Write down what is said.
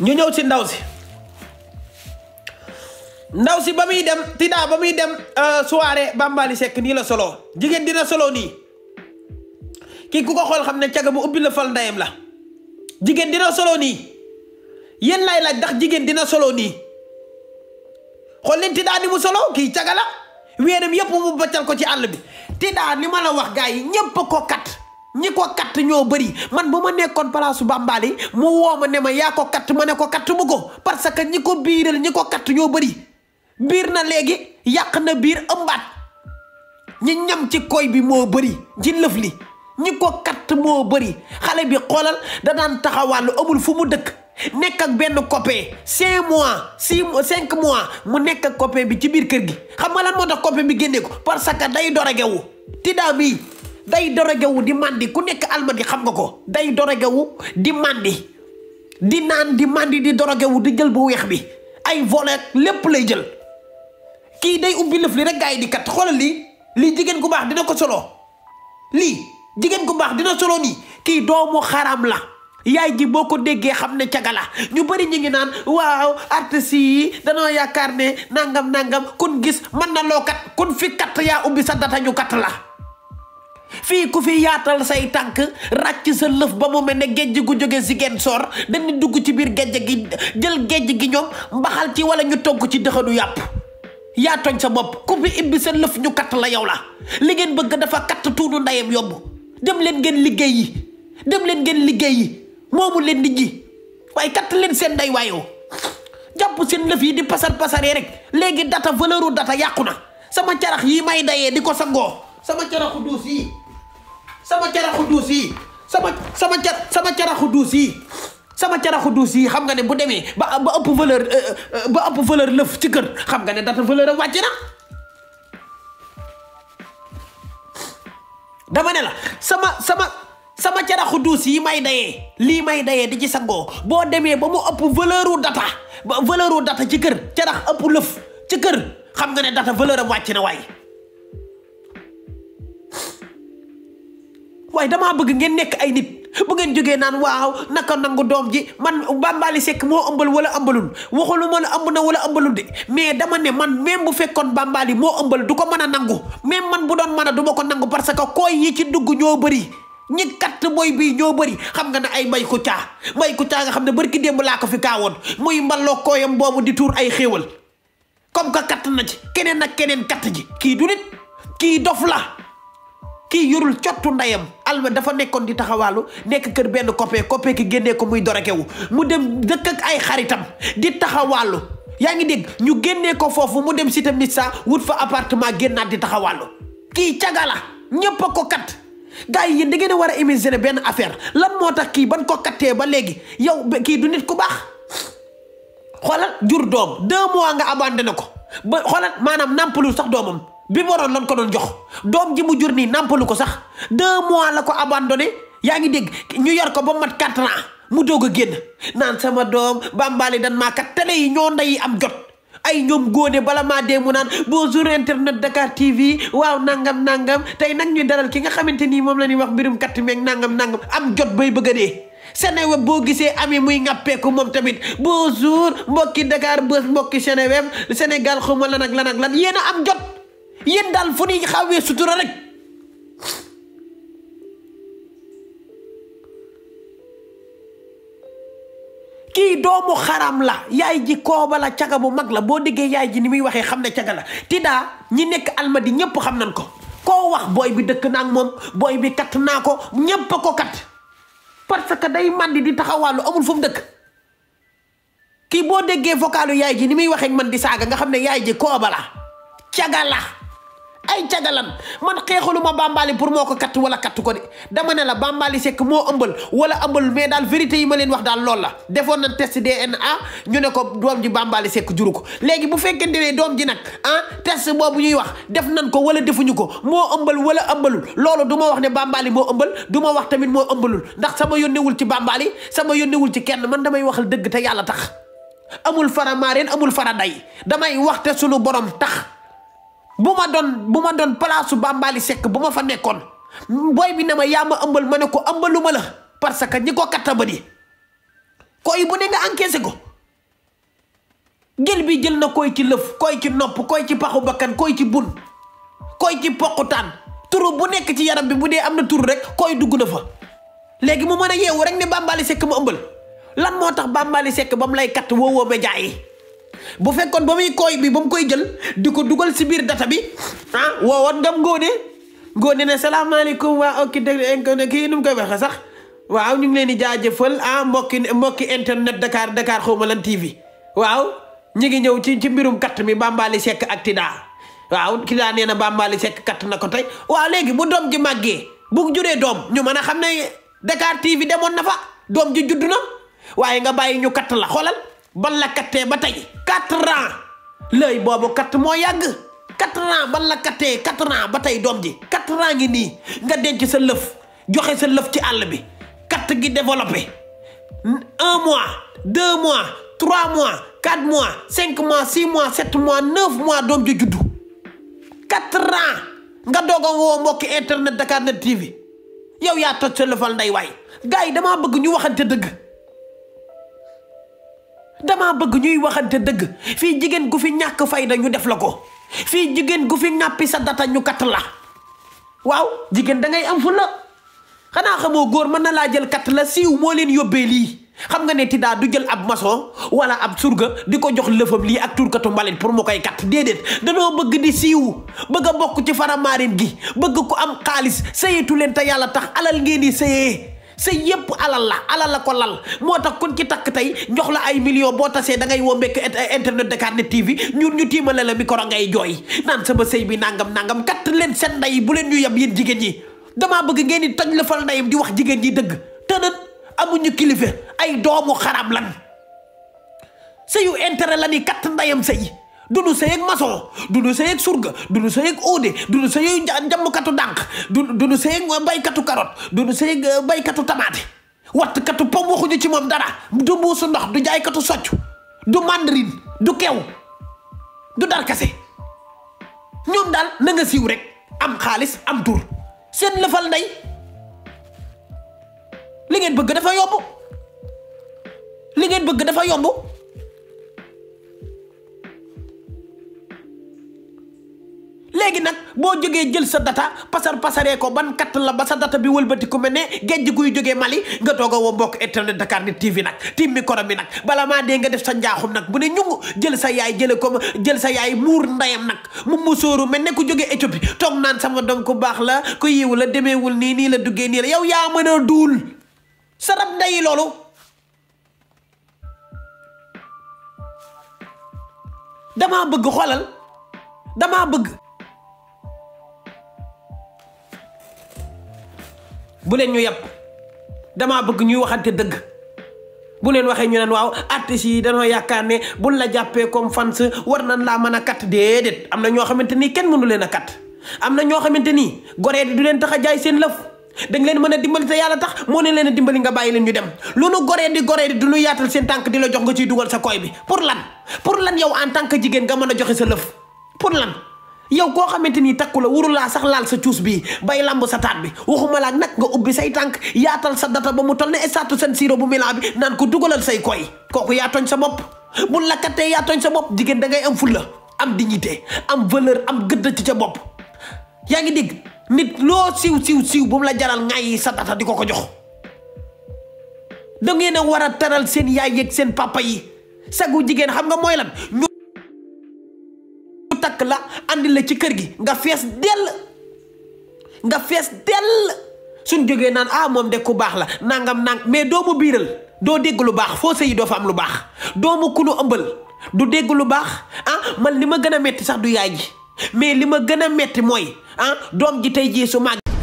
ñu ñëw ci ndaw si ndaw si ba muy dem Tida ba muy dem euh, soirée Bambaly sekk nii la solo jigéen dina solo nii kii ku ko xool xam ne caga mu ubbi la fal ndeyam la jigéen dina solo nii yéen lay laaj ndax jigéen dina solo nii xool leen Tida ni mu solo kii caga la weenam yëpp mu baccal ko ci àll bi Tida ni ma la wax gaa yi ñëpp ko kat. ñi ko katt ñoo bëri man ba ma nekkoon palaasu Bàmbaali mu woo ma ne ma yaa ko katt ma ne ko katt mu ko parce que ñi ko biiral ñi ko katt ñoo bëri biir na léegi yàq na biir ëmbaat ñi ñam ci koy bi moo bëri ci lëf li ñi ko katt moo bëri xale bi xoolal da daan taxawàllu amul fu mu dëkk nekk ak benn copain cinq mois six cinq mois mu nekk ak copain bi ci biir kër gi xam nga lan moo tax copain bi génnee ko parce que day dorogewu tiddaa bi day dorogewu di màndi ku nekk di xam nga ko day dorogewu di màndi di naan di màndi di dorogewu di jël bu weex bi ay volet lépp lay jël kii day ubbi lëf li rek gay yi di kat xoolal lii lii jigéen ku baax dina ko solo lii jigéen ku baax dina solo nii kii doomu xaram la yaay ji boo ko déggee xam ne cagala ñu bari ñu ngi naan waaw artistes yi danoo yaakaar ne nangam nangam kon gis mën na loo kat kun fi kat yaa ubbi sa data kat la fii ku fi yaatal say tànk ràcc sa lëf ba mu mel ne géej gu jóge si Ziguinchor dañuy dugg ci biir géej gi jël gejj gi ñoom mbaxal ci wala ñu togg ci dëxanu yàpp yaa tooñ sa bopp ku fi ibbi sa lëf ñu katt la yow la li ngeen bëgg dafa katt tuunu ndayem yomb dem leen ngeen liggéey yi leen ngeen liggéey yi moomu leen nit ñi waaye katt leen seen nday waayoo jàpp seen lëf yi di pasar pasaree rek léegi data valeuru data yàqu na sama carax yi may dayee di ko sangoo sama caraxu duus yi sama caraxu duus yi sama sama ca sama caraxu duus yi sama caraxu duus yi xam nga ne bu demee ba ba ëpp valeur euh, euh, ba ëpp valeur lëf ci kër xam nga ne data valeur am na dama ne la sama sama sama caraxu duus yi may dayee lii may dayee di ci sangoo boo demee ba mu ëpp valeur u ba valeur u ci kër carax ëpp lëf kër xam nga ne data valeur am wàcc na waaye waaye damaa bëgg ngeen nekk ay nit bu ngeen jógee naan waaw naka nangu doom ji man Bambaly sekk moo ëmbal wala ëmbalul waxulu ma la ëmb na wala ëmbalul de mais dama ne man même bu fekkoon Bambaly moo ëmbal du ko mën a nangu même man bu doon mën a du ma ko nangu parce que koy yi ci dugg ñoo bëri ñi katt booy bii ñoo bari xam nga ne ay mbay ku caa mbay ku caa nga xam ne barki démb laa ko fi kaawoon muy mballoo kooyam boobu di tuur ay xéewal comme que katt na ci keneen ak keneen katt ji kii du kii dof la kii yorul cottu ndeyam alma dafa nekkoon di taxawaalu nekk kër benn copain copain ki génnee ko muy dorekewu mu dem dëkk ak ay xaritam di taxawaalu yaa ngi dégg ñu génnee ko foofu mu dem cité Missa wut fa appartement génnaat di taxawaalu kii cagala la ñëpp a ko kat gars yi yéen da ngeen a war a émissionné benn affaire lan moo tax kii ban ko kattee ba léegi yow kii du nit ku baax xoolal jur doom deux mois nga abandonné ko ba xoolal maanaam nampalul sax doomam. bi waroon lan ko doon jox doom ji mu jur nii nàmpalu ko sax deux mois la ko abandonné yaa ngi dégg ñu yar ko ba mat quatre ans mu doog a génn naan sama doom bàmbaale dan maa kat télé yi ñoo ndeyi am jot ay ñoom góone bala maa dee mu naan bonjour internet Dakar TV waaw nangam nangam tey nag ñu dalal ki nga xamante nii moom la ñuy wax mbirum katt meeg nangam nangam am jot bay bëgg a dee Seneweb boo gisee ami muy ngàppeeku moom tamit bonjour mbokki Dakar Buzz mbokki Seneweb Sénégal xuma lan ak lan ak lan yéen a am jot yéen daal fu ñuy xawee sutura rek kii doomu xaram la yaay ji kooba la caga bu mag la boo déggee yaay ji ni muy waxee xam ne caga la Tida ñi nekk almadi ñépp xam nañ ko koo wax booy bi dëkk naa ak moom booy bi kat naa ko ñépp a ko kat parce que day màndi di taxawaalu amul fu mu dëkk kii boo déggee vocalu yaay ji ni muy waxee man di saaga nga xam ne yaay ji kooba la ay cagalan man xeexaluma bambali pour moo ko katt wala katt ko de dama ne la bambali sekk moo ëmbal wala ëmbal mais daal vérité yi ma leen wax daal loolu la defoon nañ test DNA ñu ne ko doom ji bambali sekk juru ko léegi bu fekkente ne doom ji nag ah test boobu ñuy wax def nañ ko wala defuñu ko moo ëmbal wala ëmbalul loolu du ma wax ne bambali moo ëmbal du ma wax tamit moo ëmbalul ndax sama yónnewul ci bàmbaali sama yónnewul ci kenn man damay waxal dëgg te yàlla tax amul fara amul fara day damay waxte sunu borom tax bu ma doon bu ma doon place su Bambaly bu ma fa nekkoon booy bi ne ma yaa ma ëmbal ma ne ko ëmbaluma la parce que ñi ko katta bëri koy bu ne nga encaissé ko gel bi jël na koy ci lëf koy ci nopp koy ci paxu bakkan koy ci bun koy ci poqutaan turu bu nekk ci yaram bi bu dee am na turu rek koy dugg na fa léegi mu mën a yeewu rek ne Bambaly Seck ma ëmbal lan moo tax Bambaly Seck ba mu lay katt woowoo média yi bu fekkoon ba muy koy bi ba mu koy jël di ko dugal si biir data bi ah woowoon ngam ngóone ngóone ne salaamaaleykum waa okki dégg mu koy waxee sax waaw ñu ngi leen di jaajëfal ah mbokki mbokki internet Dakar Dakar xaw ma TV waaw ñu ngi ñëw ci ci mbirum katt mi Bambaly Seck ak Tida waaw Tida nee na Bambaly sekk katt na ko tey waaw léegi bu doom gi màggee bu juree doom ñu mën a xam ne Dakar TV demoon na fa doom ji judd na waaye nga bàyyi ñu katt la xoolal. ban la kattee ba tey quatre ans lëy boobu katt moo yàgg quatre ans ban la kattee quatre ba tey doom ji quatre ans ngi nii nga denc sa lëf joxe sa lëf ci àll bi katt gi développé un mois deux mois trois mois quatre mois cinq mois six mois sept mois neuf mois doom ji juddu quatre ans nga doog a woo mbokki internet Dakar Net TV yow yaa toj sa lëfal ndey waay gars yi damaa bëgg ñu waxante dëgg damaa bëgg ñuy waxante dëgg fii jigéen gu fi ñàkk fayda ñu def la ko fii jigéen gu fi ñàppi sa data katt la waaw jigéen da ngay am fu la xanaa xamoo góor mën na laa jël kat la siiw moo leen yóbbee lii xam nga ne Tida du jël ab maçon wala ab surga di ko jox lëfam lii ak turkatu mbalit pour mu koy kat déedéet danoo bëgg di siiw bëgg a bokk ci faramaarin gi bëgg ko am xaalis sëyeetu leen te yàlla tax alal ngeen di sëyee sëy yépp alal la alal la ko lal moo tax kon ci takk tey jox la ay million boo tasee da ngay woo mbekk internet Dakarnet TV ñun ñu tiimale la micro ngay jooy naan sama sëy bi nangam nangam katt leen seen ndey bu leen ñu yab yéen jigéen ñi damaa bëgg ngeen di toj la fal ndeyam di wax jigéen ñi dëgg tënat amuñu kilifa ay doomu xaram lan sëyu intere la ni katt ndeyam sëy du du sëyeeg maçon du du sëyeeg surga du du sëyeeg oode du du sëyeeg jàmmkatu dànk du euh, du du sëyeeg baykatu carotte du du sëyeeg baykatu tamaate wattkatu pom waxuñu ci moom dara du buusu ndox du jaaykatu socc du du kew du darkase ñoom daal na nga siiw rek am xaalis am tur seen lëfal ndey li ngeen bëgg dafa yomb li ngeen bëgg dafa yomb léegi nag boo jógee jël sa data pasar pasaree ko ban katt la ba sa data bi wëlbati ku mel ne géej guy jógee Mali nga toog a woo mbokk internet Dakar Net TV nag tim micro bi nag bala maa dee nga def sa njaaxum nag bu ne ñungu jël sa yaay jële ko jël sa yaay muur ndayam nag mu musóoru mel ne ku jóge Éthiopie toog naan sama doom ku baax la ku yiwu la demeewul nii nii la duggee nii la yow yaa mën a duul sa rab ndayi loolu damaa bëgg xoolal damaa bëgg bu leen ñu yàpp damaa bëgg ñuy waxante dëgg bu leen waxee ñu neen waaw artistes yi dañoo yaakaar ne buñ la jàppee comme fans war na laa mën a kat déedéet am na ñoo xamante nii kenn mënu leen a kat am na ñoo xamante nii goree di du leen tax a jaay seen lëf dañ leen mën a dimbali te yàlla tax moo ne leen a dimbali nga bàyyi leen ñu dem lu nu goree di goree di du ñu yaatal seen tànk di la jox nga ciy dugal sa koy bi pour lan pour lan yow en tant que jigéen nga mën a joxe sa lëf pour lan yow koo xamante ni takku la wuru laa sax laal sa cuus bi bay lamb sa taat bi waxuma laaj nag nga ubbi say tànk yaatal sa data ba mu toll ne estatu San Siro bu Milan bi naan ko dugalal say koy kooku yaa tooñ sa bopp bu lakkatee yaa tooñ sa bopp jigéen dangay ngay am fulla am di dignité am valeur am gëdd ci ca bopp yaa ngi dégg nit loo siw siw siw bu mu la jaral ngay sa data di ko ko jox da ngeen a war a taral seen yaay yeeg seen papa yi sagu jigéen xam nga mooy lan takk la andi la ci kër gi nga fees dell nga fees dell suñ jógee naan ah moom de ku baax la nangam nang mais doomu biiral doo dégg lu baax foo sëyi doo fa am lu baax doomu kunu ëmbal du dégg lu baax ah man li ma gën a metti sax du yaay ji mais li ma gën a metti mooy ah doom ji tey jii su màgg